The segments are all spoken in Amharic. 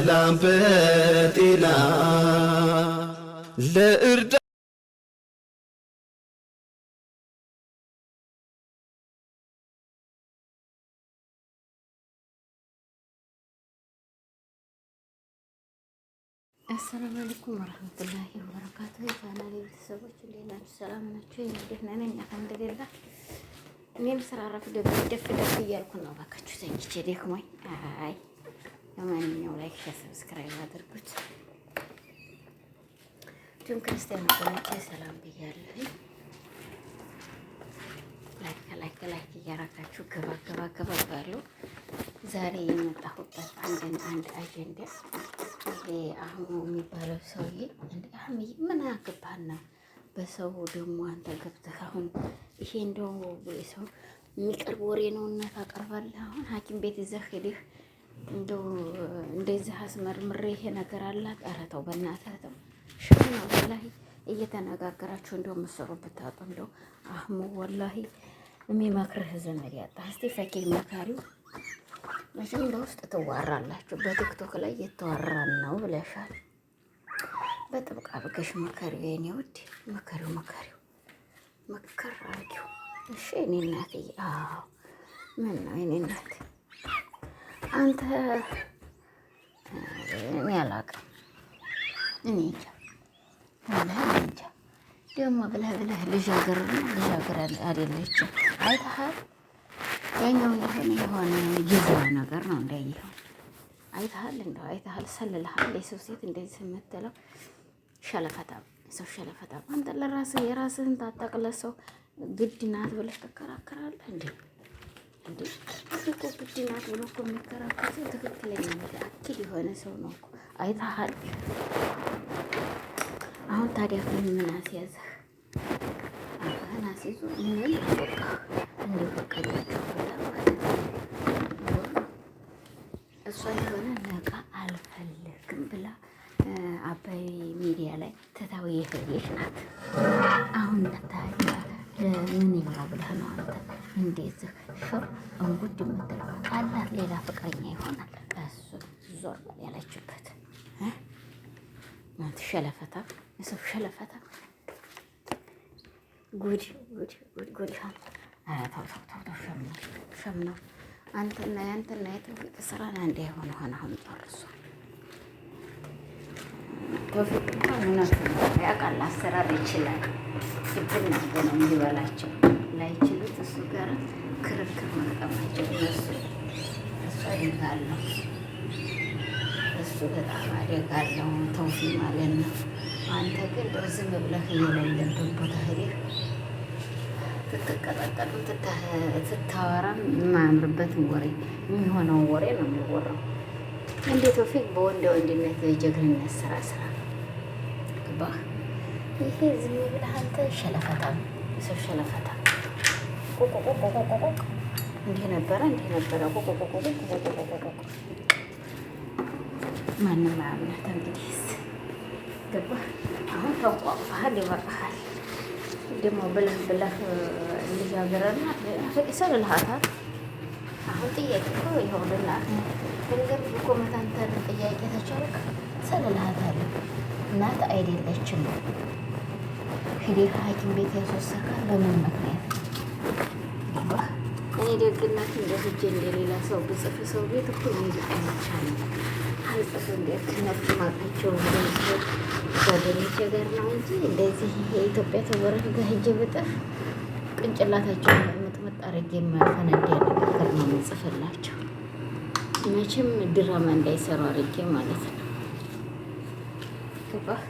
በሰላም በጤና ለእርዳ አሰላም አለይኩም ወረህመቱላሂ ወበረካቱ። የቻናሌ ቤተሰቦች እንዴት ናችሁ? ሰላም ናችሁ? ደህና ነኝ አልሐምዱሊላህ። እኔም ስራ ረፍ ደፍ ደፍ እያልኩ ነው። እባካችሁ ተኝቼ ደክሞኝ አይ ለማንኛው ላይክ፣ ሼር፣ ሰብስክራይብ አድርጉት። እንዲሁም ክርስቲያን ወገኖቼ ሰላም ብያለሁ። ላይክ ላይክ ላይክ እያረጋችሁ ገባ ገባ ገባ ባሉ ዛሬ የመጣሁበት አንድን አንድ አጀንዳ አህሙ የሚባለው ሰውዬ እንደ አህሙዬ ምን አገባህና በሰው ደግሞ አንተ ገብተህ አሁን ይሄ እንደው ሰው የሚቀርብ ወሬ ነው እና ታቀርባለህ። አሁን ሐኪም ቤት ይዘህ ሄደህ እንደው እንደዚህ አስመርምሬ ይሄ ነገር አላት። ኧረ ተው በእናትህ ተው፣ ሽር ወላሂ። እየተነጋገራችሁ እንደው የምትሰሩበት ታጡ። እንደው አህሙ ወላሂ የሚመክርህ ዘመድ ያጣህ። እስቲ ፈኬ መካሪው መቼም በውስጥ ትዋራላችሁ። በቲክቶክ ላይ እየተዋራን ነው ብለሻል። በጥብቅ አብገሽ መከሪው፣ የኔ ውድ መከሪው፣ መከሪው፣ እሺ እኔ እናትዬ፣ አዎ ምን ነው እኔ አንተ እኔ አላውቅም። እኔ እንጃ እንጃ። ደግሞ ብለህ ብለህ ልጅ ሀገር ልጅ ሀገር አይደለችም። አይተሃል ያኛው እንደሆነ የሆነ ጊዜ ነገር ነው እንዳየኸው። አይተሃል እንደው አይተሃል፣ ሰልልሃል። የሰው ሴት እንደዚህ የምትለው ሸለፈታ ሰው ሸለፈታ። አንተ ለራስህ የራስህን ታጠቅለህ ሰው ግድ ናት ብለህ ትከራከራለህ እንዴ? እንዴ እኮ ብድናት ብሎ እኮ የሚከራከር ሰው ትክክለኛ አክል የሆነ ሰው ነው እኮ አይተሃል። አሁን ታዲያ ምን ምን አስያዘህ? አሁን አስይዞ ምን በቃ እንዴ በቃ እሷ የሆነ ነቃ አልፈልግም ብላ አባይ ሚዲያ ላይ ትታው የሄደች ናት። አሁን ታዲያ ለምን ይምራ ብለህ ነው አንተ እንደዚህ ሽር እንጉድ የምትለው አላት። ሌላ ፍቅረኛ ይሆናል እሱ ዞር ያለችበት ሸለፈታ የሰው ሸለፈታ ጉድ ጉድ ጉድ ጉድ ሸምነው አንተና የአንተና የተውፊቅ ስራ የሆነ ሆነ። አሁን ተውፊቅ ያውቃል፣ አሰራር ይችላል። ይብና ነው የማይችሉት እሱ ጋር ክርክር መቀማቸው እነሱ እሱ እሱ በጣም አደጋ አለው። ተውፊ ማለት ነው። አንተ ግን ዝም ብለህ ቦታ ሄደህ ትትቀጣቀጡ ትታወራም የማያምርበትን ወሬ የሚሆነውን ወሬ ነው የሚወራው። እንዴ ተውፊቅ በወንድ ወንድነት በጀግንነት ስራ ስራ ይሄ ዝም ብለህ አንተ ሸለፈታ ሰው ሸለፈታ እንዲህ ነበረ እንዲህ ነበረ። ማንም አያምናት። እንግዲህ ገባ አሁን ተቋቁፈሃል፣ ይወርቅሃል። ደግሞ ብለህ ብለህ እንዲያገረና ፍቅስር አሁን ጥያቄ እኮ ይኸውልና ገንዘብ እኮ መታንተን ጥያቄ ተቻለክ ሰልልሃታል። እናት አይደለችም ሂደህ ሐኪም ቤት ያስወሰካል። በምን ምክንያት ደግነት እንደዚህ እንደሌላ ሰው ብጽፍ ሰው ቤት እኮ ሙዚቃ ይቻላል። አልጽፍ እንደክነት ማቃቸው ጓደኞቼ ጋር ነው እንጂ እንደዚህ የኢትዮጵያ ተወረት ጋር ሂጅ ብጥፍ ቅንጭላታቸው ምጥምጥ አድርጌ የማያፈነዳ ነገር ነው የምጽፍላቸው። መቼም ድራማ እንዳይሰሩ አድርጌ ማለት ነው። ገባህ?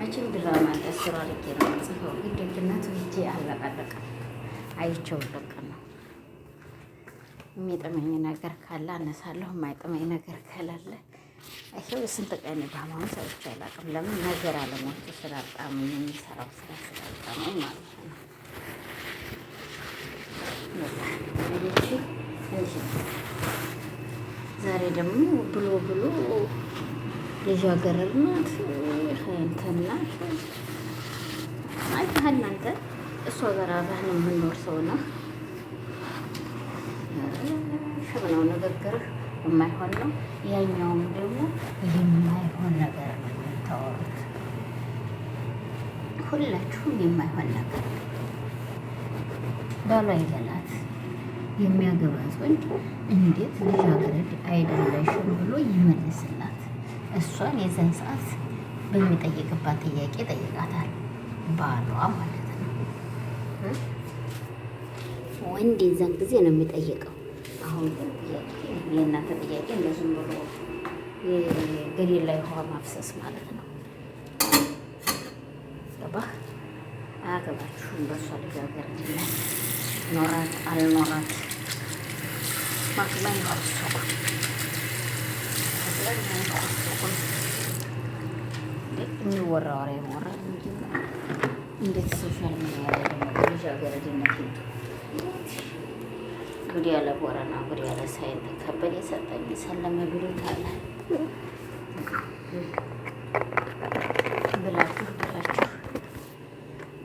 መቼም ድራማ እንዳይሰሩ አድርጌ ነው የምጽፈው። ደግነቱ ሂጄ አለቃለቀ አይቼው ለቀ ነው የሚጥመኝ ነገር ካለ አነሳለሁ፣ የማይጥመኝ ነገር ከላለ ይኸው ስንት ቀን በአማኑ ሰዎች አላውቅም። ለምን ነገር አለሞች ስላልጣሙ የሚሰራው ስራ ስላልጣሙ ማለት ነው። ዛሬ ደግሞ ብሎ ብሎ ልጃገረድ ናት እንትን ናት። አይተሃል አንተ እሷ ጋር አብረን የምንኖር ሰው ነው ሽብ ነው ንግግርህ፣ የማይሆን ነው። ያኛውም ደግሞ የማይሆን ነገር ነው የምታወሩት ሁላችሁም የማይሆን ነገር ባሏ ይበላት የሚያገባት ወንድ እንዴት ልጃገረድ አይደለሽም ብሎ ይመልስላት። እሷን የዛን ሰዓት በሚጠይቅባት ጥያቄ ጠይቃታል። ባሏ ማለት ነው። ወንድ የዛን ጊዜ ነው የሚጠይቀው። አሁን ግን ጥያቄ የእናንተ ጥያቄ እንደዝም ብሎ ገደል ላይ ውሃ ማፍሰስ ማለት ነው። ገባህ አያገባችሁም። በእሷ ልጅ ሀገር ኖራት አልኖራት ማክመን ይኮሰቁም የሚወራ ወራ ይወራል። እንዴት ሶሻል ሚዲያ ላይ ልጅ ሀገር ድነት ጉድ ያለ ቦረና፣ ጉድ ያለ ሳይንት ከበደ የሰጠኝ ሰለመ ብሎታል ብላችሁ ብላችሁ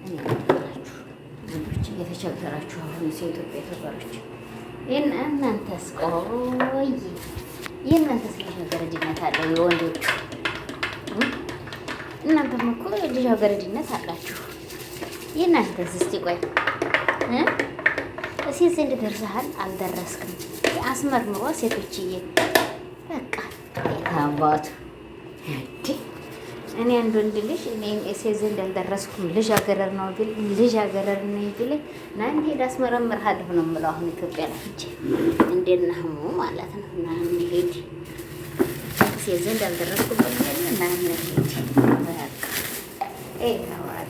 እኔ ብላችሁ ልጆች እየተቸገራችሁ አሁን ኢትዮጵያ ተጓሮች ይህን እናንተስ ቆይ የእናንተስ ልጃገረድነት አለ የወንዶቹ እናንተም እኮ ልጃገረድነት አላችሁ የእናንተስ እስቲ ቆይ ሴት ዘንድ ደርሰሃል፣ አልደረስክም። አስመርምሮ ሴቶችዬ በቃ የታባቱ እኔ አንድ ወንድ ልጅ እኔ ሴት ዘንድ አልደረስኩም ልጅ አገረር ነው ቢል ልጅ አገረር ነው ቢል ና እንሄድ አስመረምርሃለሁ ነው የምለው። አሁን ኢትዮጵያ ላይ እንጂ እንደና ማለት ነው ና እንሄድ ሴት ዘንድ አልደረስኩም ብለህ ና እንሄድ በቃ ይታዋል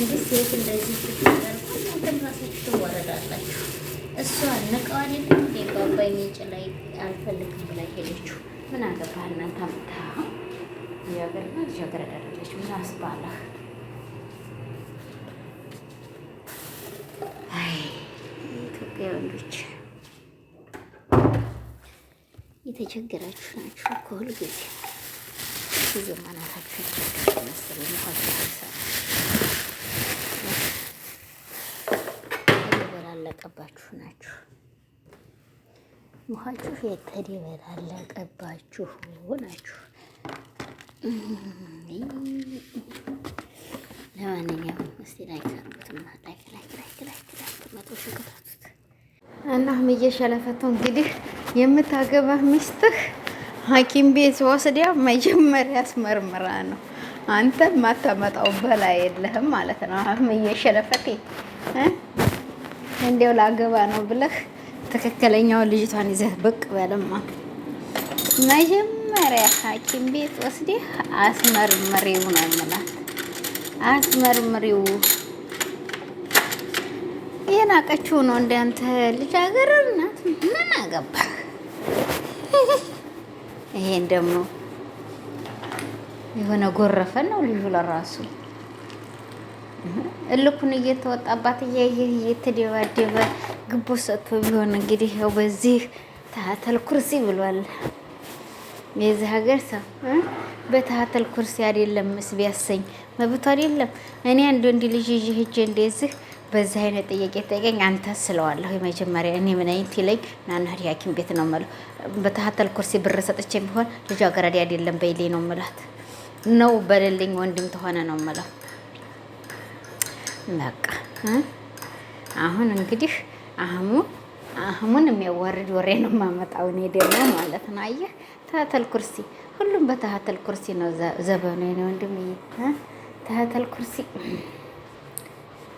እንዲህ ሴት እንደዚህ ሲደርጉ እናንተም ራሳችሁ ትዋረዳላችሁ። እሷ ንቀዋል የለም እንዴ በአባይ ላይ አልፈልግም ብላ ሄደችው። ምን አገባህ እናንተ አምታ ያገርና ልጃገር አደረገች። ምን አስባላህ? ኢትዮጵያ ወንዶች የተቸገራችሁ ናችሁ እኮ ሁልጊዜ ጊዜ ማናታችሁ የተቸገራችሁ መሰለኝ ኳ የተደበላለቀባችሁ ናችሁ። ውሃችሁ የተደበላለቀባችሁ ናችሁ። ለማንኛውም እስቲ ላይክ አድርጉት ላይክ ላይክ ላይክ ላይክ ላይክ መቶ ሺህ ክታቱት እና አህምዬ እንግዲህ የምታገባ ሚስትህ ሐኪም ቤት ወስዲያ መጀመሪያ አስመርምራ ነው። አንተ ማታመጣው በላይ የለህም ማለት ነው። አህምዬ ሸለፈቴ እንዲያው ላገባ ነው ብለህ ትክክለኛውን ልጅቷን ይዘህ ብቅ በልማ። መጀመሪያ ሐኪም ቤት ወስደህ አስመርምሪው ነው የምላት። አስመርምሪው የናቀችው ነው እንዳንተ ልጃገረድ ናት። ምን አገባ? ይሄን ደግሞ የሆነ ጎረፈን ነው ልጁ ለራሱ እልኩን እየተወጣባት እያየ እየተደባደበ ግቦ ሰጥቶ ቢሆን እንግዲህ ያው በዚህ ተሀተል ኩርሲ ብሏል የዚህ ሀገር ሰው በተሀተል ኩርሲ አይደለም ምስ ቢያሰኝ መብቱ አይደለም። እኔ አንድ ወንድ ልጅ ይዤ ሂጅ እንደዚህ በዚህ አይነት ጥያቄ ጠይቀኝ አንተ ስለዋለሁ የመጀመሪያ እኔ ምን አይነት ይለኝ ናና ሐኪም ቤት ነው የምለው። በተሀተል ኩርሲ ብር ሰጥቼ ቢሆን ልጅ አገራዲ አይደለም በይሌ ነው የምላት ነው በሌለኝ ወንድም ተሆነ ነው የምለው በቃ አሁን እንግዲህ አህሙ አህሙን የሚያዋርድ ወሬ ነው የማመጣው እኔ ደግሞ ማለት ነው። አየህ ተህተል ኩርሲ፣ ሁሉም በተህተል ኩርሲ ነው ዘበኑ ነው ወንድምዬ። ተህተል ኩርሲ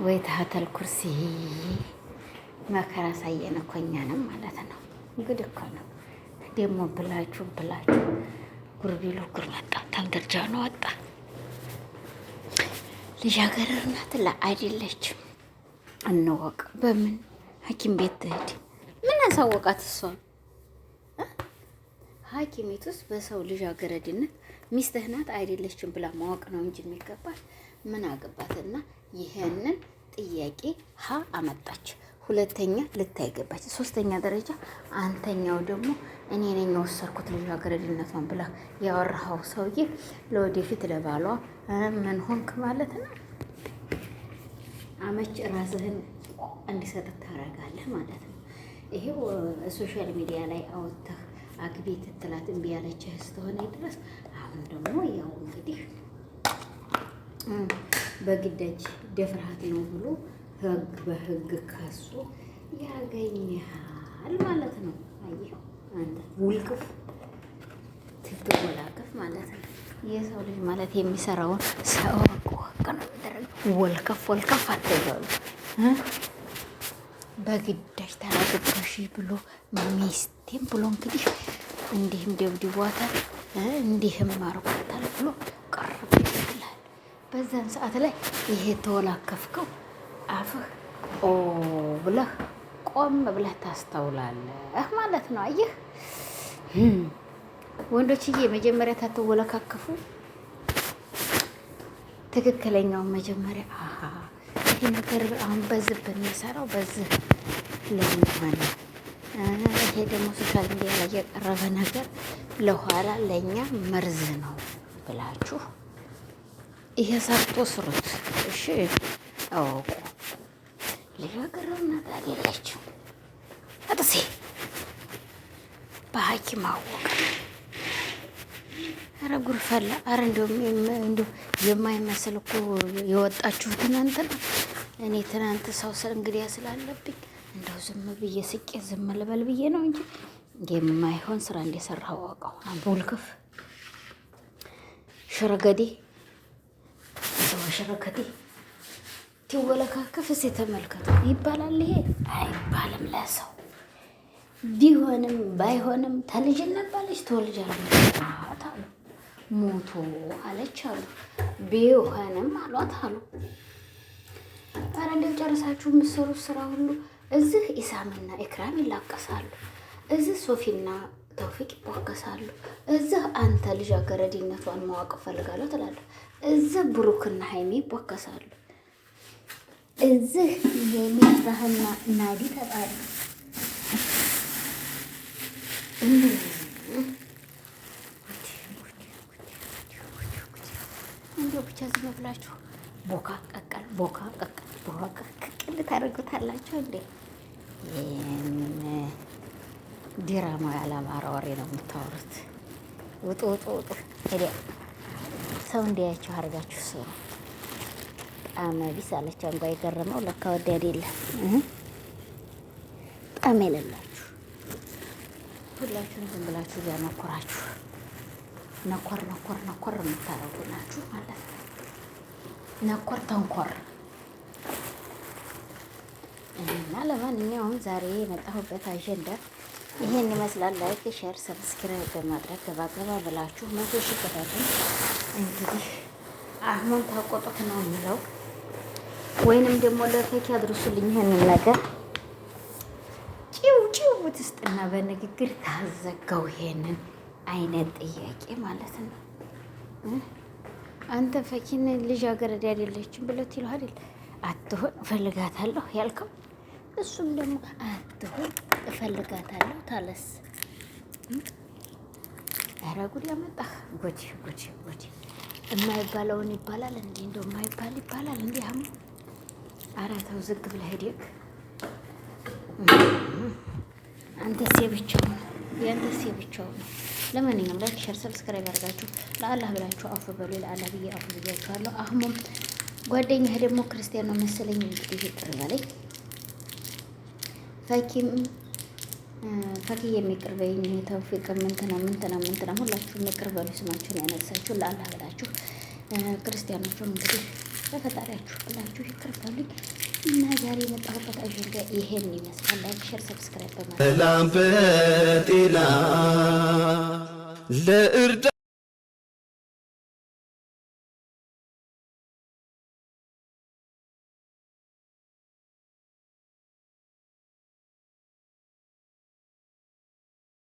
ወይ ተህተል ኩርሲ መከራ ሳየን እኮ እኛንም ማለት ነው። እንግዲህ እኮ ነው ደግሞ ብላችሁ ብላችሁ ጉርቢሉ ጉር ወጣ ተምደርጃ ነው ወጣ ልጃገረድ ናት አይደለችም፣ እንወቅ። በምን ሐኪም ቤት ትሄድ? ምን አሳወቃት? እሷን ሐኪሜት ውስጥ በሰው ልጃገረድነት ሚስትህ ናት አይደለችም ብላ ማወቅ ነው እንጂ የሚገባል። ምን አገባትና ይህንን ጥያቄ ሀ አመጣችው። ሁለተኛ ልታይ ገባች። ሶስተኛ ደረጃ አንተኛው ደግሞ እኔ ነኝ የወሰድኩት ልጃገረድነቷን ብላ ያወራኸው ሰውዬ ለወደፊት ለባሏ ምን ሆንክ ማለት ነው። አመች ራስህን እንዲሰጥ ታደርጋለህ ማለት ነው። ይሄው ሶሻል ሚዲያ ላይ አወጥተህ አግቢ ትትላት እምቢ ያለችህ ድረስ አሁን ደግሞ ያው እንግዲህ በግዳጅ ደፍርሃት ነው ብሎ ህግ በህግ ከሱ ያገኛል ማለት ነው። አየኸው አንተ ውልቅፍ ትትወላቅፍ ማለት ነው። የሰው ልጅ ማለት የሚሰራውን ሰው ወቅ ነው የሚደረግ። ወልከፍ ወልከፍ አትበሉ። በግዳጅ ተናግበሽ ብሎ ሚስቴም ብሎ እንግዲህ እንዲህም ደብድቧታል፣ እንዲህም አርጓታል ብሎ ቀርብ ይላል። በዛን ሰዓት ላይ ይሄ ተወላከፍከው አፍህ ኦ ብለህ ቆም ብለህ ታስተውላለህ ማለት ነው። አየህ ወንዶችዬ፣ መጀመሪያ ታትወለካከፉ። ትክክለኛውን መጀመሪያ አሀ ይሄ ነገር አሁን በዚህ ብንሰራው በዚህ ለምን ሆነ፣ ይሄ ደግሞ ሶሻል ሚዲያ ላይ የቀረበ ነገር ለኋላ ለእኛ መርዝ ነው ብላችሁ ይሄ ሰርቶ ስሩት። እሺ አወቁ ልጃገረድ ነገር የለችው። እጥሴ በሐኪም አወቀ። ኧረ ጉድ ፈላ። ኧረ እንደው የማይመስል እኮ የወጣችሁት ትናንትና። እኔ ትናንት ሰው እንግዲያ ስላለብኝ እንደው ዝም ብዬ ስቄ ዝም ልበል ብዬ ነው እንጂ የማይሆን ስራ እንደሰራ አወቀው። አቦልክፍ ሽረገዴ ሽረከቴ ትወለካከፍ ትወለካከፍስ ተመልከቱ። ይባላል። ይሄ አይባልም ለሰው ቢሆንም ባይሆንም ተልጅነት ባለች ትወልጃለች አሉ። ሞቶ አለች አሉ። ቢሆንም አሏት አሉ። ኧረ እንደው ጨርሳችሁ የምትሰሩት ስራ ሁሉ እዚህ ኢሳምና ኢክራም ይላቀሳሉ። እዚህ ሶፊና ተውፊቅ ይቧከሳሉ። እዚህ አንተ ልጃገረድነቷን ማወቅ እፈልጋለሁ ትላለህ። እዚህ ብሩክና ሀይሜ ይቧከሳሉ። እዚህ ይሄ ባህና ናዲ ተጣሉ። እንዲያው ብቻ ዝም ብላችሁ ቦካ ቀቀል ቦካ ቀቀል ቦካ ቀቀል ታደርጉታላችሁ እንዴ? ይህንን ዲራማ ያላማረ ወሬ ነው የምታወሩት። ውጡ ውጡ ውጡ! ሰው እንዲያያችሁ አድርጋችሁ ስሩ። ጣዕመ ቢስ አለች። አንጓ የገረመው ለካ ወዳድ የለም ጣዕም የሌላችሁ ሁላችሁም ዝም ብላችሁ እያነኮራችሁ ነኮር ነኮር ነኮር የምታረጉ ናችሁ ማለት ነው። ነኮር ተንኮር እና ለማንኛውም ዛሬ የመጣሁበት አጀንዳ ይሄን ይመስላል። ላይክ ሼር ሰብስክራይብ በማድረግ ገባገባ ብላችሁ መቶ ሺህ እንግዲህ አሁን ታቆጡት ነው የሚለው ወይንም ደግሞ ለፈኪ አድርሱልኝ ይህንን ነገር ጭው ጭው ውስጥና በንግግር ታዘጋው። ይሄንን አይነት ጥያቄ ማለት ነው። አንተ ፈኪን ልጅ አገረድ አይደለችም ብለት ይለህ አይደል? አትሆን እፈልጋታለሁ ያልከው እሱም ደግሞ አትሆን እፈልጋታለሁ ታለስ። ኧረ ጉድ ያመጣህ ጉድ ጉድ ጉድ! የማይባለውን ይባላል እንዲህ እንደው የማይባል ይባላል እንዲህ አሁን ኧረ ተው ዝግ ብለህ ሂደህ አንተስ የብቻውን የአንተስ የብቻውን ነው። ለማንኛውም ላይክ፣ ሸር፣ ሰብስክራይብ አድርጋችሁ ለአላህ ብላችሁ አፉ በሉ። ለአላህ ብዬ አፉ ብያችኋለሁ። አህሙም ጓደኛህ ደግሞ ክርስቲያን ነው መሰለኝ እንግዲህ ይቅር በለኝ። ፈኪም ፈኪ የሚቅር በይኝ። ተውፊቅ ምንትና ምንትና ምንትና ሁላችሁም ይቅር በሉ። ስማችሁን ያነሳችሁ ለአላህ ብላችሁ ክርስቲያኖቹም እንግዲህ በፈጣሪያችሁ ብላችሁ ይቅር እና ዛሬ የመጣሁበት አጀንዳ ይሄን ይመስላል። ላይክ፣ ሼር፣ ሰብስክራይብ በማለት